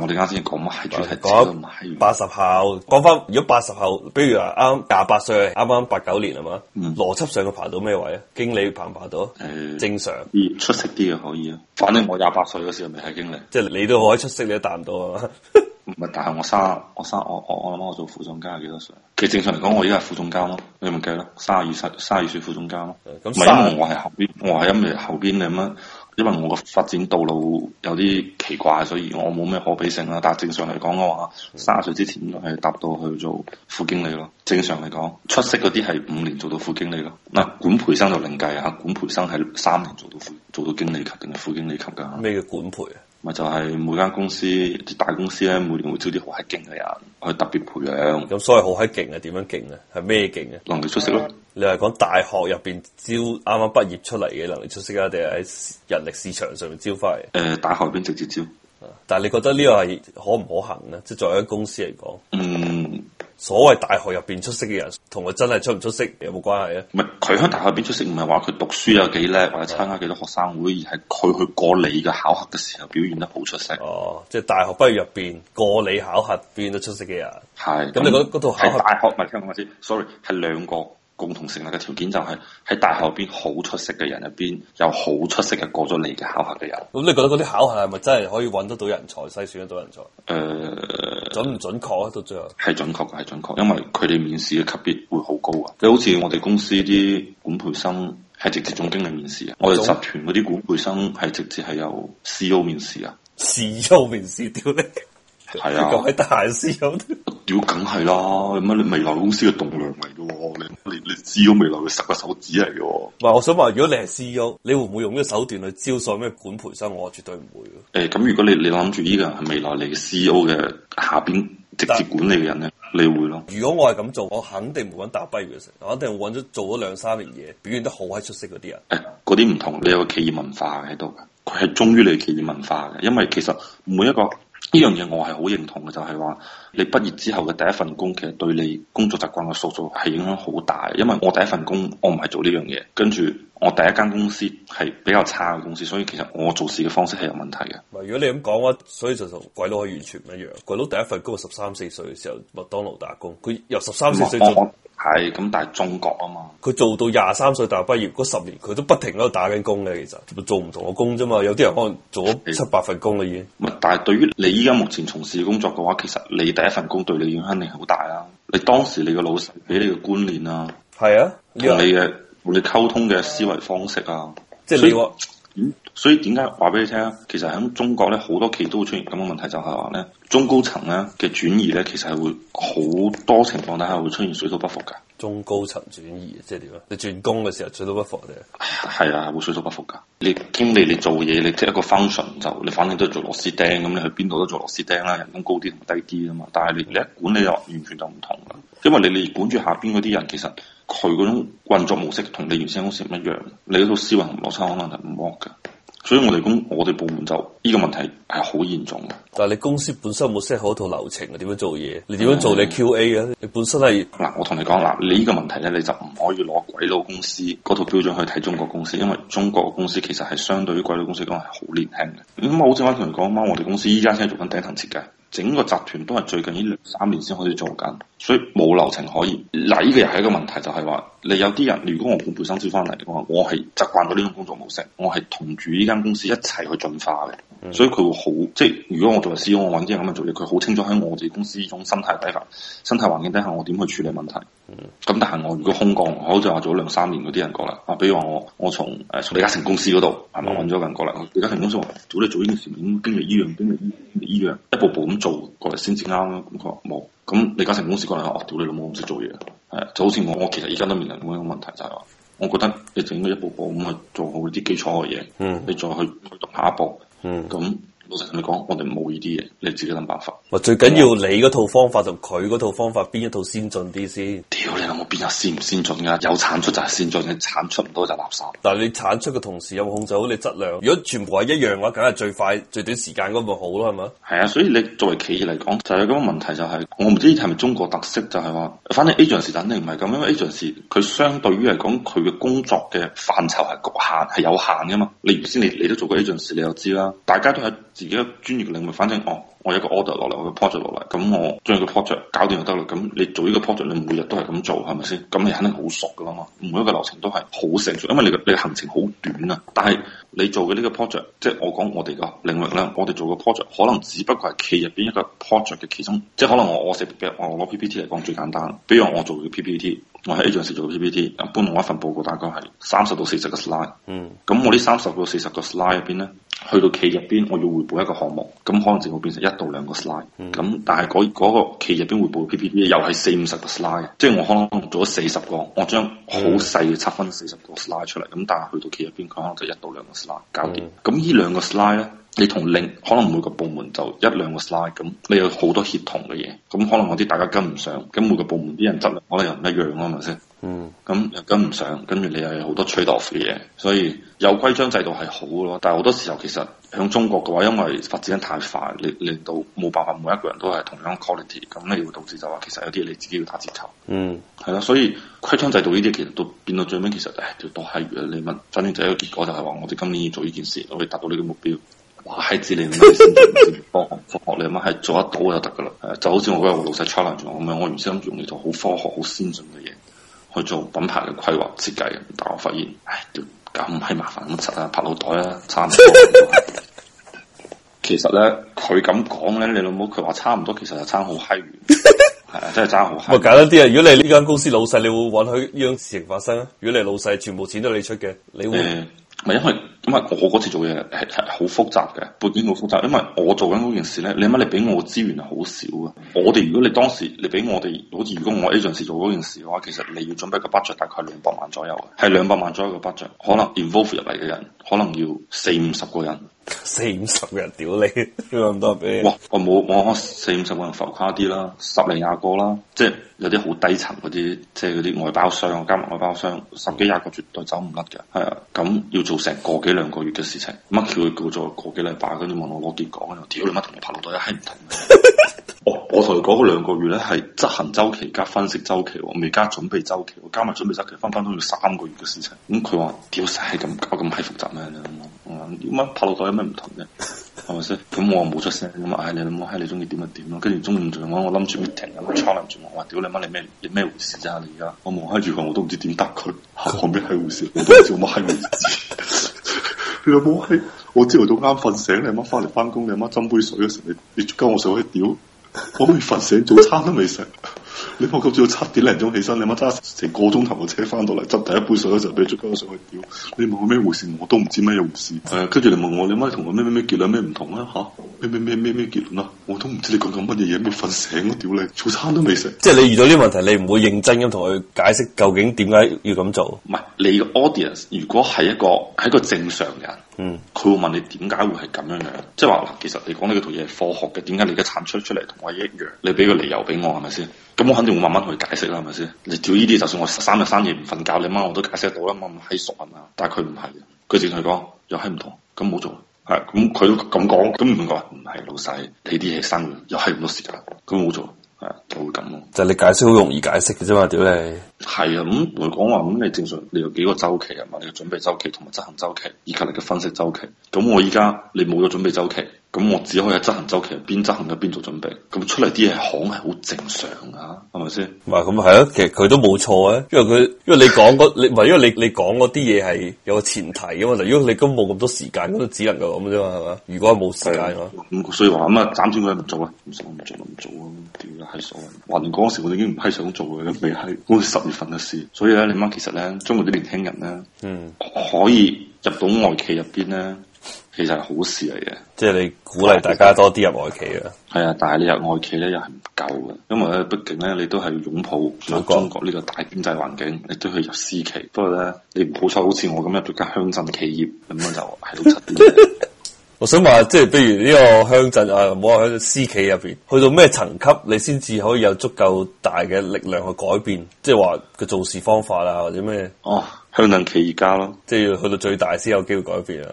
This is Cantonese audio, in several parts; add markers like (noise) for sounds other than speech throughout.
我哋啱先講埋，講八十後，講翻如果八十後，比如話啱廿八歲，啱啱八九年係嘛？嗯、邏輯上佢排到咩位啊？經理排唔排到？誒、呃，正常，嗯，出色啲嘅可以啊。反正我廿八歲嗰時咪係經理，即係你都可以出色，你都達唔到啊？唔係， (laughs) 但係我卅我卅我我諗我，我，我做副總監係幾多歲？其實正常嚟講，我依家係副總監咯。你唔計咯，卅二十卅二歲副總監咯。唔係因為我係後邊，我係因為後邊你乜？因為我個發展道路有啲奇怪，所以我冇咩可比性啦。但係正常嚟講嘅話，三十歲之前係搭到去做副經理咯。正常嚟講，出色嗰啲係五年做到副經理咯。嗱，管培生就另計啊。管培生係三年做到副做到經理級定係副經理級噶。咩叫管培啊？咪就係每間公司啲大公司咧，每年會招啲好閪勁嘅人去特別培養。咁所謂好閪勁嘅點樣勁咧？係咩勁嘅？能力出色咯。你係講大學入邊招啱啱畢業出嚟嘅能力出色啊？定係喺人力市場上面招翻嚟？誒、呃，大學入邊直接招。但係你覺得呢個係可唔可行咧？即係作為一間公司嚟講。嗯所謂大學入邊出色嘅人，同佢真係出唔出色有冇關係啊？唔係佢喺大學入邊出色，唔係話佢讀書有幾叻，或者參加幾多學生會，而係佢去過你嘅考核嘅時候表現得好出色。哦，即係大學畢業入邊過你考核，變得出色嘅人係。咁是你嗰嗰、嗯、套考大學唔係，聽我話先？Sorry，係兩個共同成立嘅條件就係、是、喺大學入邊好出色嘅人入邊有好出色嘅過咗你嘅考核嘅人。咁你覺得嗰啲考核係咪真係可以揾得到人才、篩選得到人才？呃準唔準確啊？到最後係準確嘅，係準確，因為佢哋面試嘅級別會高好高啊！你好似我哋公司啲管培生係直接總經理面試啊，我哋集團嗰啲管培生係直接係由 CEO 面試啊，CEO 面試屌你！ (laughs) (laughs) 係啊，咁閪大件事，屌梗係啦，乜你未來公司嘅棟梁嚟嘅，你你你知未來嘅十個手指嚟嘅，唔係我想話，如果你係 C O，你會唔會用呢個手段去招數咩管培生？我絕對唔會。誒、欸，咁如果你你諗住呢個係未來你 C O 嘅下邊直接管理嘅人咧，但你會咯？如果我係咁做，我肯定唔搵大嘅嘢食，我一定搵咗做咗兩三年嘢，表現得好閪出色嗰啲人。誒、欸，嗰啲唔同，你有個企業文化喺度嘅，佢係忠於你企業文化嘅，因為其實每一個。呢樣嘢我係好認同嘅，就係話你畢業之後嘅第一份工，其實對你工作習慣嘅塑造係影響好大。因為我第一份工，我唔係做呢樣嘢，跟住我第一間公司係比較差嘅公司，所以其實我做事嘅方式係有問題嘅。如果你咁講嘅話，所以就同鬼佬完全唔一樣。鬼佬第一份工係十三四歲嘅時候，麥當勞打工。佢由十三四歲就。係咁，但係中國啊嘛，佢做到廿三歲大學畢業嗰十年，佢都不停喺度打緊工嘅。其實做唔同嘅工啫嘛，有啲人可能做咗七你八份工啦已經。咁但係對於你依家目前從事工作嘅話，其實你第一份工對你影響力好大啦、啊。你當時你嘅老細俾你嘅觀念啊，係啊，同你嘅是你溝通嘅思維方式啊，即係你。所以點解話俾你聽啊？其實喺中國咧，好多企業都會出現咁嘅問題，就係話咧中高層咧嘅轉移咧，其實係會好多情況底下會出現水土不服㗎。中高層轉移即係點啊？你轉工嘅時候，水土不服嘅，係係啊，會水土不服㗎。你經理你做嘢，你一個 function 就你反正都係做螺絲釘咁，你去邊度都做螺絲釘啦、啊，人工高啲同低啲啊嘛。但係你你一管理就完全就唔同啦，因為你你管住下邊嗰啲人，其實佢嗰種運作模式同你原先公司唔一樣，你嗰套思維同邏輯可能係唔 work 㗎。所以我哋公，我哋部門就呢、這個問題係好嚴重嘅。但係你公司本身冇 set 好套流程啊，點樣做嘢？你點樣做你 QA 啊、嗯？你本身係嗱，我同你講嗱，你呢個問題咧，你就唔可以攞鬼佬公司嗰套標準去睇中國公司，因為中國公司其實係相對於鬼佬公司嚟講係、嗯、好年輕嘅。咁我好正話同人講，媽，我哋公司依家先係做緊底層設計。整個集團都係最近呢兩三年先開始做緊，所以冇流程可以。嗱，依個又係一個問題，就係、是、話你有啲人，如果我轉配新招翻嚟，嘅話我我係習慣咗呢種工作模式，我係同住呢間公司一齊去進化嘅，所以佢會好。即係如果我做緊 C.O，我揾啲咁嘅做嘢，佢好清楚喺我哋公司呢種生態底下、生態環境底下，我點去處理問題。咁、嗯、但係我如果空降，好似我做咗兩三年嗰啲人過嚟，啊，比如話我我從誒、呃、李嘉誠公司嗰度係咪揾咗個人過嚟？李嘉誠公司話，早咧做呢件事，咁經歷依樣經歷依經歷樣，一步步咁做過嚟先至啱咯。咁佢話冇，咁李嘉誠公司過嚟話、哦，我屌你老母唔識做嘢，係就好似我，我其實而家都面臨咁樣嘅問題，就係、是、話，我覺得你整咗一步步咁去做好啲基礎嘅嘢，嗯，你再去讀下一步，嗯，咁、嗯。老實我同你講，我哋冇呢啲嘢，你自己諗辦法。最緊要吧你嗰套方法同佢嗰套方法邊一套先進啲先？屌，你諗我邊有先唔先進啊？有產出就係先進，產出唔多就垃圾。但係你產出嘅同時有冇控制好你質量？如果全部係一樣嘅話，梗係最快最短時間嗰部好咯，係咪？係啊，所以你作為企業嚟講，就係咁嘅問題，就是，就係我唔知係咪中國特色，就係、是、話，反正 agency 肯定唔係咁，因為 agency 佢相對於嚟講，佢嘅工作嘅範疇係局限係有限噶嘛。你原先你你都做過 agency，你又知啦，大家都係。自己專業嘅領域，反正、哦、我有個 order 落嚟，我有個 project 落嚟，咁我將個 project 搞掂就得啦。咁你做呢個 project，你每日都係咁做，係咪先？咁你肯定好熟噶啦嘛。每一個流程都係好成熟，因為你個你嘅行程好短啊。但係你做嘅呢個 project，即係我講我哋嘅領域咧，我哋做嘅 project 可能只不過係企入邊一個 project 嘅其中，即、就、係、是、可能我我寫我攞 PPT 嚟講最簡單，比如我做嘅 PPT。我喺 A 上食做 PPT，一般我一份報告大概係三十到四十個 slide。嗯。咁我呢三十到四十個 slide 入邊咧，去到企入邊我要匯報一個項目，咁可能就會變成一到兩個 slide。嗯。咁但係嗰、嗰個企入邊匯報嘅 PPT 又係四五十個 slide 即係我可能做咗四十個，我將好細嘅拆分四十個 slide 出嚟。咁、嗯、但係去到企入邊，佢可能就一到兩個 slide,、嗯、兩個 slide 搞掂。咁呢兩個 slide 咧？你同另可能每個部門就一兩個 slide 咁，你有好多協同嘅嘢，咁可能嗰啲大家跟唔上，咁每個部門啲人質量可能又唔一樣啊係咪先？嗯、mm.，咁跟唔上，跟住你又有好多 trade off 嘅嘢，所以有規章制度係好咯，但係好多時候其實響中國嘅話，因為發展得太快，令令到冇辦法每一個人都係同樣 quality，咁你會導致就話其實有啲嘢你自己要打折扣，嗯，係啦，所以規章制度呢啲其實到變到最尾其實唉、就、條、是哎啊、你問，反正就係個結果就係話我哋今年要做呢件事，我哋達到呢個目標。係智能嘅先，先科學，科學你媽係做得到就得噶啦。就好似我嗰個老細 challenge 咁樣，我原先諗住用呢套好科學、好先進嘅嘢去做品牌嘅規劃設計，但我發現唉，咁閪麻煩，拍腦袋啊，差唔多。其實咧，佢咁講咧，你老母佢話差唔多，其實就差好閪遠，係啊，真係差好閪。咪簡單啲啊！如果你呢間公司老細，你會允許呢樣事情發生啊？如果你老細全部錢都你出嘅，你會咪因為？因為我嗰次做嘢係係好複雜嘅，背景好複雜。因為我做緊嗰件事咧，你諗你俾我嘅資源係好少嘅。嗯、我哋如果你當時你俾我哋，好似如果我 agency 做嗰件事嘅話，其實你要準備個 budget 大概係兩百萬左右嘅，係兩百萬左右嘅 budget，可能 involve 入嚟嘅人可能要四五十個人。四五十個人屌 (laughs) 你，咁多俾哇！我冇，我四五十個人浮誇啲啦，十零廿個啦，即係有啲好低層嗰啲，即係嗰啲外包商，加埋外包商十幾廿個絕對走唔甩嘅。係啊，咁要做成個幾兩個月嘅事情，乜叫佢叫做個幾禮拜？跟住問我攞結果啊？我屌你乜同我拍老豆一閪唔同。 (laughs) 我同佢講兩個月咧，係執行周期加分析周期，我未加準備周期，我加埋準備周期，分分都要三個月嘅事情。咁佢話：屌，成係咁搞咁閪複雜咩？你諗下，我話：點啊？拍老袋有咩唔同啫？係咪先？咁我冇出聲，咁啊，你諗下，你中意點就點咯。跟住中午仲中意我，我諗住要停，咁坐臨住我話：屌你媽，你咩？你咩回事啫？你而家我望開住佢，我都唔知點答佢。旁邊係護士，我做乜閪未知。佢話冇係，我朝頭早啱瞓醒，你阿媽翻嚟翻工，你阿媽斟杯水嗰時候，你你跟我上去屌？我未瞓醒，早餐都未食。你我今朝要七點零鐘起身，你媽揸成個鐘頭嘅車翻到嚟，執第一杯水嗰陣，你捉鳩上去屌你問咩回事，我都唔知咩回事。誒、呃，跟住你問我你媽同我咩咩咩結論咩唔同啊？吓咩咩咩咩咩結論啊？我都唔知你講緊乜嘢嘢，我瞓醒都、啊、屌你，早餐都未食。即係你遇到呢啲問題，你唔會認真咁同佢解釋究竟點解要咁做？唔係你嘅 audience，如果係一個係一個正常人，嗯，佢會問你點解會係咁樣樣，即係話其實你講呢個套嘢係科學嘅，點解你而家產出出嚟同我一樣？你俾個理由俾我係咪先？是咁我肯定會慢慢同佢解釋啦，係咪先？你屌呢啲，就算我三日三夜唔瞓覺，你媽我都解釋到啦嘛，咁係傻係嘛？但係佢唔係，佢淨係講又係唔同，咁冇做係咁，佢、嗯、都咁講，咁唔同啊？唔係老細，你啲係生意，又係咁多時間，咁冇做係，會就會咁咯。就係你解釋好容易解釋嘅啫嘛，屌你！係啊，咁、嗯、我講話咁，你正常你有幾個周期啊嘛？你嘅準備周期同埋執行周期，以及你嘅分析周期。咁我而家你冇咗準備周期。咁我只可以喺執行周期，邊執行咗邊做準備。咁出嚟啲嘢行係好正常啊，係咪先？哇、嗯，咁係啊，嗯嗯、其實佢都冇錯啊，因為佢因為你講嗰你唔係因為你你講啲嘢係有個前提嘅嘛。如果你都冇咁多時間，都只能夠咁啫嘛，係嘛？如果冇時間嘅，咁所以話咁啊，斬斷佢唔做啦，唔想唔做唔做啊，屌閪傻嘅。云嗰時我哋已經唔係想做嘅，未係，好似十月份嘅事。所以咧，你媽其實咧，中國啲年輕人咧，嗯，可以入到外企入邊咧。其實係好事嚟嘅，即係你鼓勵大家多啲入外企啊。係啊，但係你入外企咧又係唔夠嘅，因為咧畢竟咧你都係擁抱中國呢個大經濟環境，你都去入私企。不過咧你唔好彩，好似我咁入咗間鄉鎮企業咁 (laughs) (laughs) 啊，就係好差啲。我想話，即係譬如呢個鄉鎮啊，唔好話喺私企入邊，去到咩層級，你先至可以有足夠大嘅力量去改變，即係話個做事方法啦、啊，或者咩哦，鄉鎮企業家咯，即係去到最大先有機會改變啊。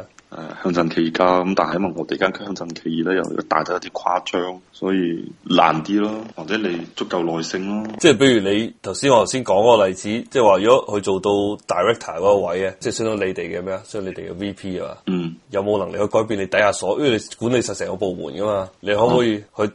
誒，鄉鎮企業家咁，但係喺我哋間鄉鎮企業咧，又大得有啲誇張，所以難啲咯，或者你足夠耐性咯。即係比如你頭先我頭先講嗰個例子，即係話如果去做到 director 嗰個位啊，即係相當你哋嘅咩啊，相當你哋嘅 VP 啊嘛，嗯、有冇能力去改變你底下所，因為你管理實成個部門噶嘛，你可唔可以去，嗯、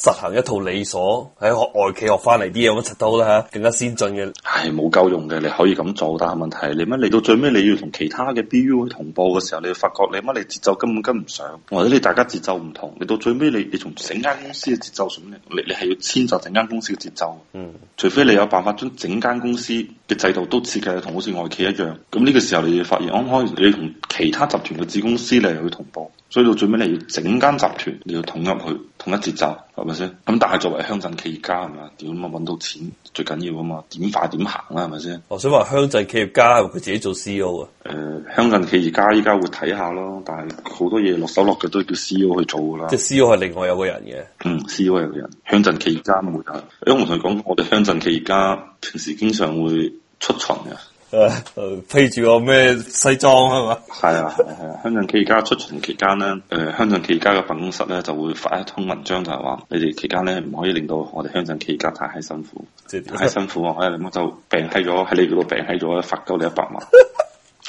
實行一套理所喺外企學翻嚟啲嘢，乜柒都啦吓，更加先進嘅係冇夠用嘅，你可以咁做，但係問題你乜嚟到最尾你要同其他嘅 BU 去同步嘅時候，你會發覺你乜你節奏根本跟唔上，或者你大家節奏唔同，你到最尾，你你從整間公司嘅節奏上，你你係要遷就整間公司嘅節奏。嗯，除非你有辦法將整間公司嘅制度都設計同好似外企一樣，咁呢個時候你會發現，我開你同其他集團嘅子公司你又要同步，所以到最尾，你要整間集團你要統入去。同一節奏，係咪先？咁但係作為鄉鎮企業家係咪啊？點啊揾，到錢最緊要啊嘛？點快點行啦係咪先？我、哦、想話鄉鎮企業家佢自己做 CEO 啊。誒，鄉鎮企業家依、呃、家會睇下咯，但係好多嘢落手落腳都叫 CEO 去做噶啦。即係 CEO 係另外有個人嘅。嗯，CEO 係個人，鄉鎮企業家冇得。因為我同佢講，我哋鄉鎮企業家平時經常會出巡嘅。誒誒、呃呃，披住個咩西裝係咪？係啊，係啊，鄉鎮企業家出巡期間咧，誒，鄉鎮企業家嘅辦公室咧、呃、就會發一通文章，就係、是、話你哋期間咧唔可以令到我哋鄉鎮企業家太辛苦，即 (laughs) 太辛苦啊！我哋林哥就病喺咗，喺你嗰度病喺咗，罰高你一百萬，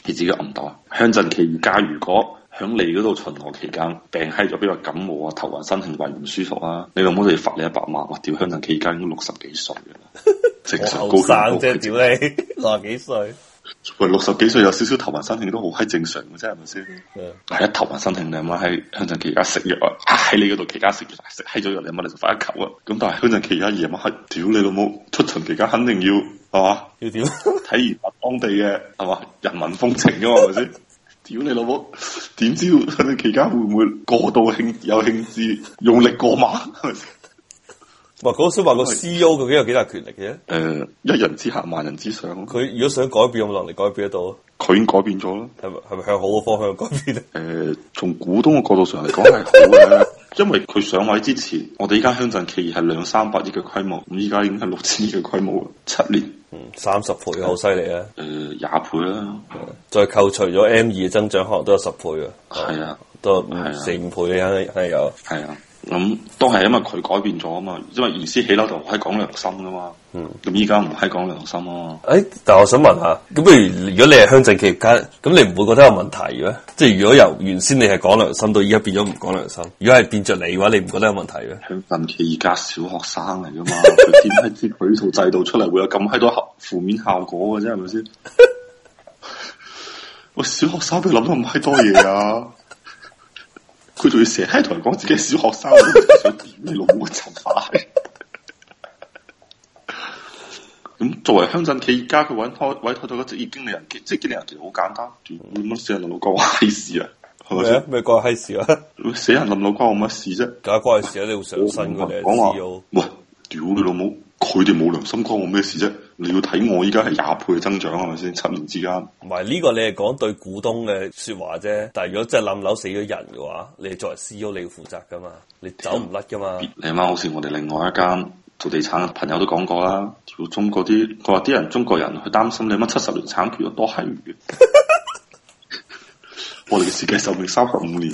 你 (laughs) 自己諗多。鄉鎮企業家如果。響你嗰度巡邏期間病閪咗，比如感冒啊、頭暈身㷫，胃唔舒服啊，你老母就要罰你一百萬！我屌，鄉鎮期間已經六十幾歲啦， (laughs) 正常高生啫，屌你 (laughs) ，六十幾歲喂，六十幾歲有少少頭暈身㷫都好閪正常嘅啫，係咪先？係 (laughs) 啊，頭暈身㷫，你阿媽喺鄉鎮期間食藥啊，喺你嗰度期間食藥食閪咗藥，你阿媽你，就罰一球啊！咁但係鄉鎮期間夜晚黑，屌你老母，出巡期間肯定要係嘛？要點睇？研究 (laughs) (laughs) 當地嘅係嘛？人民風情噶嘛？係咪先？屌你老母！點知佢哋期間會唔會過度興有興致，有興致用力過猛？話 (laughs) 嗰、啊、個說話個 CEO 究竟有幾大權力嘅？誒、呃，一人之下萬人之上。佢如果想改變，有冇能力改變得到啊？佢已經改變咗咯，係咪係咪向好嘅方向改變啊？誒、呃，從股東嘅角度上嚟講係好嘅， (laughs) 因為佢上位之前，我哋依家鄉鎮企業係兩三百億嘅規模，咁依家已經係六千億嘅規模，七年，三十、嗯、倍好犀利啊！誒，廿、呃、倍啦。 (laughs) (laughs) 再扣除咗 M 二嘅增長可能都有十倍啊！係四啊，都四五倍啊，係、嗯、有，係啊，咁都係因為佢改變咗啊嘛，因為原先起樓就係講良心噶嘛，嗯，咁依家唔係講良心咯。誒、欸，但我想問下，咁不如如果你係鄉鎮企業家，咁你唔會覺得有問題嘅？即係如果由原先你係講良心到依家變咗唔講良心，如果係變咗你嘅話，你唔覺得有問題嘅？鄉鎮企而家小學生嚟噶嘛，點知佢套制度出嚟會有咁閪多負負面效果嘅啫？係咪先？ (laughs) 我小學生都諗到咁閪多嘢啊！佢 (laughs) 仲要成日同人講自己係小學生，你老母醜化。咁、 (laughs) 嗯、作為鄉鎮企業家，佢委託委託到嗰職業經理人，職業經理人其實好簡單，你乜死人同我講閪事啊？係咪先咩關閪事啊？死人冧樓關我乜事啫？梗係關事啊！你好上身嘅你講話喂，屌佢哋冇良心關我咩事啫？你要睇我依家係廿倍嘅增長係咪先？七年之間，唔係呢個你係講對股東嘅說話啫。但係如果真係冧樓死咗人嘅話，你作為 CEO 你要負責噶嘛？你走唔甩噶嘛？你媽好似我哋另外一間做地產朋友都講過啦，叫中國嗰啲佢話啲人中國人佢擔心你乜七十年產權多閪魚， (laughs) (laughs) 我哋嘅設計壽命三十五年，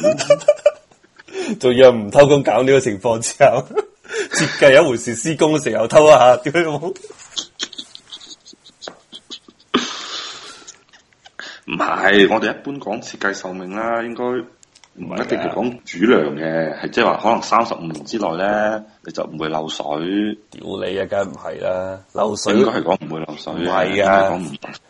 仲要唔偷工搞呢個情況之後。 (laughs) 設計有 (laughs) 一回事，施工嘅時候偷啊，點解冇？唔係，我哋一般講設計壽命啦，應該唔一定係講主梁嘅，係即係話可能三十五年之內咧，你就唔會漏水。屌你啊，梗係唔係啦，漏水應該係講唔會漏水，係啊，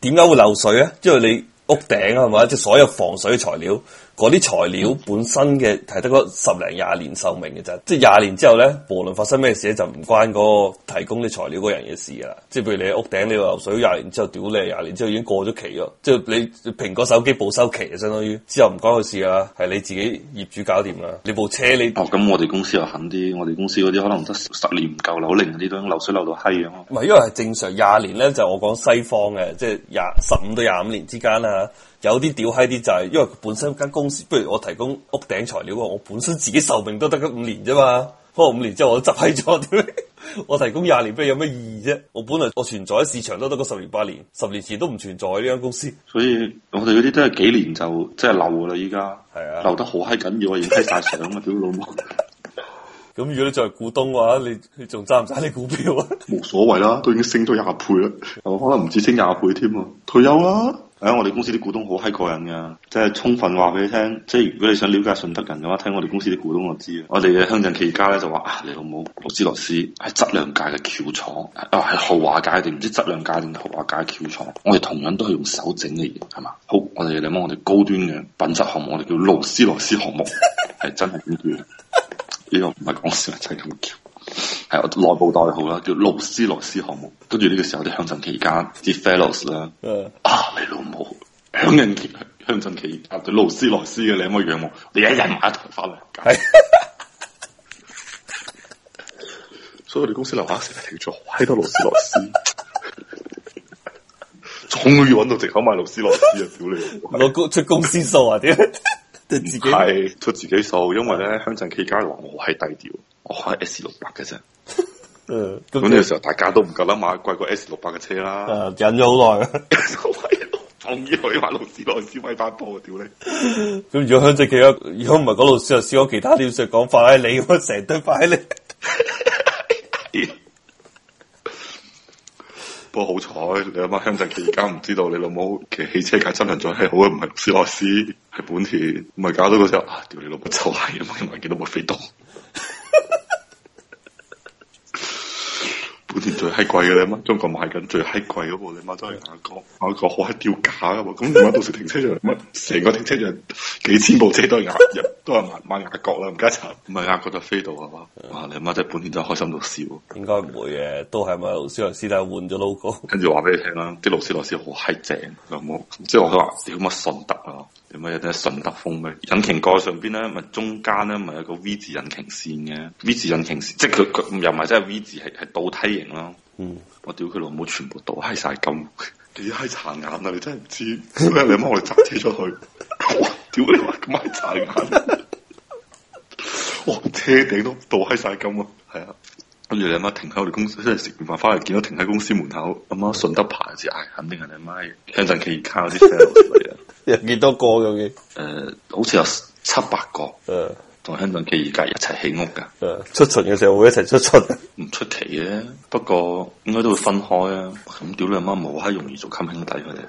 點解會漏水啊？因為你屋頂係咪，即係所有防水材料。嗰啲材料本身嘅係得個十零廿年壽命嘅啫，即係廿年之後咧，無論發生咩事就唔關嗰個提供啲材料嗰人嘅事啦。即係譬如你屋頂你流水廿年之後屌你廿年之後，年之後已經過咗期咯，即係你蘋果手機保修期就相當於之後唔關佢事啊，係你自己業主搞掂啊。你部車你哦，咁我哋公司又肯啲，我哋公司嗰啲可能得十年唔夠樓齡嗰啲都流水漏到閪樣咯，唔係，因為係正常廿年咧就我講西方嘅，即係廿十五到廿五年之間啦。有啲屌閪啲就係，因為本身間公司，不如我提供屋頂材料啊！我本身自己壽命都得咁五年啫嘛，不過五年之後我執喺咗， (laughs) 我提供廿年，不如有咩意義啫？我本來我存在喺市場都得個十年八年，十年前都唔存在呢間公司，所以我哋嗰啲都係幾年就即係流噶啦，依家係啊，流得好閪緊要啊，影閪曬相啊，屌 (laughs) 老母！咁如果你作為股東嘅話，你仲揸唔揸啲股票啊？冇所謂啦，都已經升咗廿倍啦，可能唔止升廿倍添啊！退休啦！誒、哎，我哋公司啲股東好閪過癮嘅，即係充分話俾你聽，即係如果你想了解順德人嘅話，聽我哋公司啲股東就知我哋嘅鄉鎮企業家咧就話啊，你老母勞斯萊斯係質量界嘅翹楚，啊係豪華界定唔知質量界定豪華界翹楚。我哋同樣都係用手整嘅嘢，係嘛？好，我哋嚟，摸我哋高端嘅品質項目，我哋叫勞斯萊斯項目，係真係咁叫。 (laughs) 呢個唔係講笑，就係咁叫，係我內部代號啦，叫勞斯萊斯項目。跟住呢個時候啲鄉鎮企業家啲 fellows 咧，啊，係 Yeah.、啊、你老母，鄉人鄉鄉鎮企業家對勞斯萊斯嘅，你可唔可以仰望？你一日買一台翻嚟， (laughs) 所以我哋公司樓下成日停住，好多勞斯萊斯， (laughs) 終於揾到藉口買勞斯萊斯啊！屌你，出公司數啊！屌。 (laughs) 係出自己數，因為咧鄉鎮企家話我係低調，我係 S 六百嘅啫。嗯，咁呢個時候大家都唔夠膽買貴過 S 六百嘅車啦。誒、啊，忍咗好耐。我唔可以話老師老師威翻波屌你。咁 (laughs) 如果鄉鎮企家，如果唔係講老師又試講其他啲嘢講快你咁成堆快你。 (laughs) 不過好彩，你阿媽鄉鎮期間唔知道你老母騎汽車架質量再是好啊，唔係勞斯萊斯係本田，咪搞到嗰時候，啊！屌你老母臭閪，你唔係見到冇飛度。本田最閪貴嘅你媽，中國買緊最閪貴嗰部你媽都係雅閣，雅閣好閪掉價啊！咁你媽到時停車場，成個停車場幾千部車都係牙， (laughs) 都係買雅閣啦！唔該 (laughs) 就是，唔係雅閣就飛到係嘛？你媽真係本田真係開心到笑。應該唔會嘅，都係咪勞斯萊斯但係換咗 logo，跟住話俾你聽啦，啲勞斯萊斯好閪正，有冇？即係我話，屌，乜順德啊？係咪有啲順德風嘅引擎蓋上邊咧，咪中間咧，咪有個 V 字引擎線嘅 V 字引擎線，即係佢佢又唔係真係 V 字係係倒梯形咯。嗯，我屌佢老母，全部倒閪晒金，幾閪殘眼啊！你真係唔知咩？你阿媽我哋揸車出去， (laughs) 哇！屌你媽咁閪殘眼，我 (laughs) 車頂都倒閪晒金啊！係啊，跟住你阿媽停喺我哋公司，真係食完飯翻嚟見到停喺公司門口阿媽，順德牌嘅，嗌、哎、肯定係你阿媽鄉鎮企業靠啲車嚟啊！有幾多個咁嘅？誒、呃，好似有七八個一一，誒，同香港企業界一齊起屋噶，誒，出巡嘅時候會一齊出巡，唔出奇嘅。不過應該都會分開啊。咁屌你阿媽冇閪容易做襟兄弟佢哋。